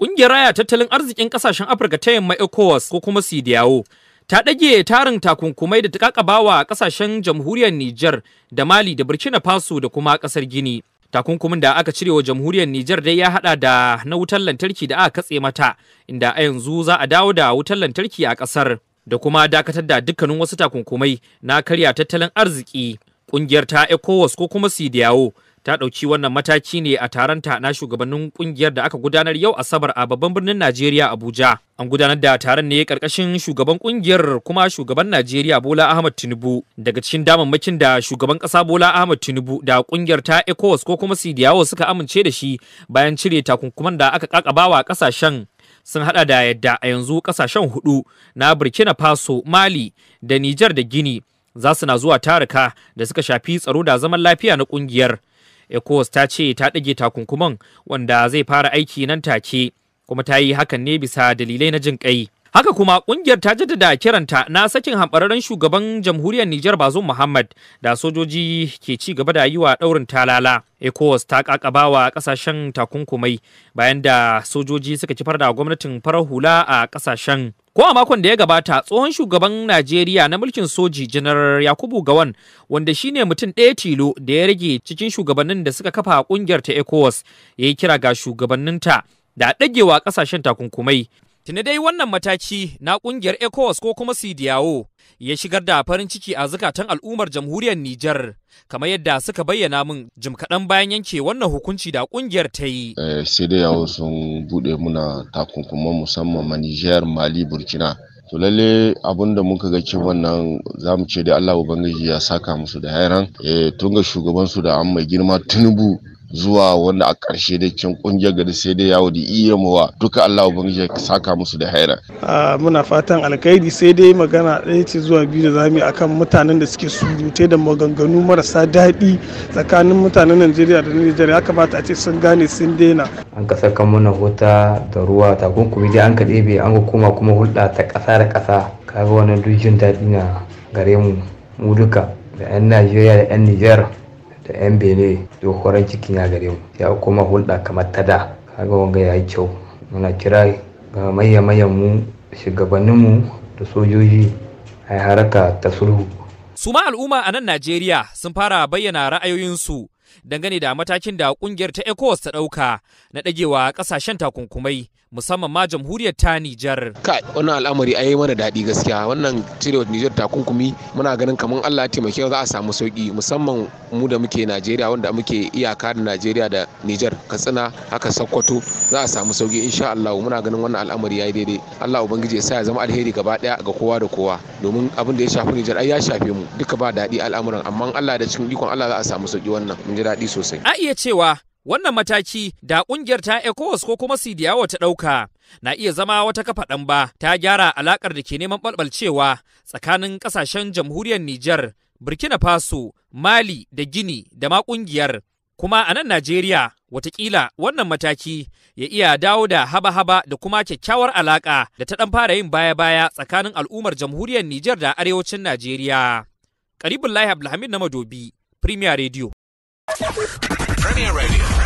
Ƙungiyar raya tattalin arzikin ƙasashen Afirka ta yamma ECOWAS ko kuma Sidiyawo ta ɗage tarin takunkumai da ta a ƙasashen jamhuriyar Nijar da Mali da Burkina Faso da kuma ƙasar Gini. Takunkumin da aka cire wa jamhuriyar Nijar dai ya haɗa da na wutar lantarki da aka katse mata inda a yanzu za a dawo da wutar lantarki a ƙasar da kuma dakatar da dukkanin wasu takunkumai na karya tattalin arziki. Ƙungiyar ta ECOWAS ko kuma Sidiyawo ta ɗauki wannan mataki ne a taron na shugabannin kungiyar da aka gudanar yau asabar a babban birnin najeriya abuja an gudanar da taron ne karkashin shugaban kungiyar kuma shugaban najeriya bola ahmad tinubu daga cikin damammakin da shugaban ƙasa bola ahmad tinubu da kungiyar ta ecowas ko kuma sidiyawo suka amince da shi bayan cire takunkuman da aka kakabawa ƙasashen sun hada da yadda a yanzu ƙasashen hudu na burkina faso mali da nijar da gini za su na zuwa tarika da suka shafi tsaro da zaman lafiya na kungiyar ecowas ta ce ta ɗage takunkuman wanda zai fara aiki nan take kuma ta yi hakan ne bisa dalilai na jin ƙai Haka kuma kungiyar ta jaddada kiranta na sakin hambararren shugaban jamhuriyar Nijar Bazoum Muhammad da sojoji ke ci gaba da yi wa daurin talala. ECOWAS ta wa kasashen takunkumai bayan da sojoji suka kifar da gwamnatin farar hula a kasashen. Ko a makon da ya gabata tsohon shugaban Najeriya na mulkin soji janar Yakubu Gawan wanda shi ne mutum ɗaya tilo da ya rage cikin shugabannin da suka kafa kungiyar ta ECOWAS ya yi kira ga shugabanninta da ɗagewa kasashen takunkumai Tuni dai wannan mataki na kungiyar ECOWAS ko kuma CDAO ya shigar da farin ciki a zukatan al'ummar jamhuriyar Nijar kamar yadda suka bayyana min jim kaɗan bayan yanke wannan hukunci da kungiyar ta yi. CDAO eh, sun bude muna takunkuman musamman ma Nijar, Mali, Burkina. To lalle abunda muka ga cewa wannan za mu ce dai Allah Ubangiji ya saka musu da hairan. Eh, tun ga shugabansu da an girma Tinubu zuwa wanda a ƙarshe da cin kungiyar gari sai dai yawo da iya mawa duka Allah ubangiji ya saka musu da haira muna fatan alkhairi sai dai magana ɗaya ce zuwa biyu da zamu akan mutanen da suke surute da maganganu marasa daɗi tsakanin mutanen Najeriya da Nijar ya kamata a ce sun gane sun daina an ka saka mana wuta da ruwa takunkumi dai an ka ɗebe an hukuma kuma hulɗa ta ƙasa da ƙasa kaga wannan duk jin daɗi na gare mu mu duka da 'yan Najeriya da 'yan Nijar da yan bene dokoran cikin ya gare mu ya kuma hulɗa kamar ta da kaga wanga ya yi kyau muna kira ga maye mayan mu shugabanninmu da sojoji a haraka ta sulhu su ma al'umma a nan najeriya sun fara bayyana ra'ayoyinsu dangane da matakin da kungiyar ta ECOWAS ta ɗauka na ɗagewa ƙasashen takunkumai musamman ma jamhuriyar ta Nijar. Kai wannan al'amari yi mana daɗi gaskiya wannan cire Nijar takunkumi muna ganin kamar Allah ya taimake za a samu sauki musamman mu da muke Najeriya wanda muke iyaka da Najeriya da Nijar Katsina haka Sokoto za a samu sauki insha Allah muna ganin wannan al'amari yi daidai Allah ubangiji ya sa ya zama alheri gaba ɗaya ga kowa da kowa domin abin da ya shafi Nijar ai ya shafe mu duka ba daɗi al'amuran amma Allah da cikin ikon Allah za a samu sauki wannan ji daɗi sosai. A iya cewa wannan mataki da ƙungiyar ta ECOWAS ko kuma CDAO ta ɗauka na iya zama wata kafa ɗan ba ta gyara alaƙar da ke neman ɓalɓalcewa tsakanin ƙasashen jamhuriyar Nijar, Burkina Faso, Mali da Gini da ma ƙungiyar. Kuma a nan Najeriya watakila wannan mataki ya iya dawo da haba-haba da kuma kyakkyawar alaƙa da ta ɗan fara yin baya-baya tsakanin al'ummar jamhuriyar Nijar da arewacin Najeriya. Karibullahi Abdulhamid na Madobi, Premier Radio. Premier Radio.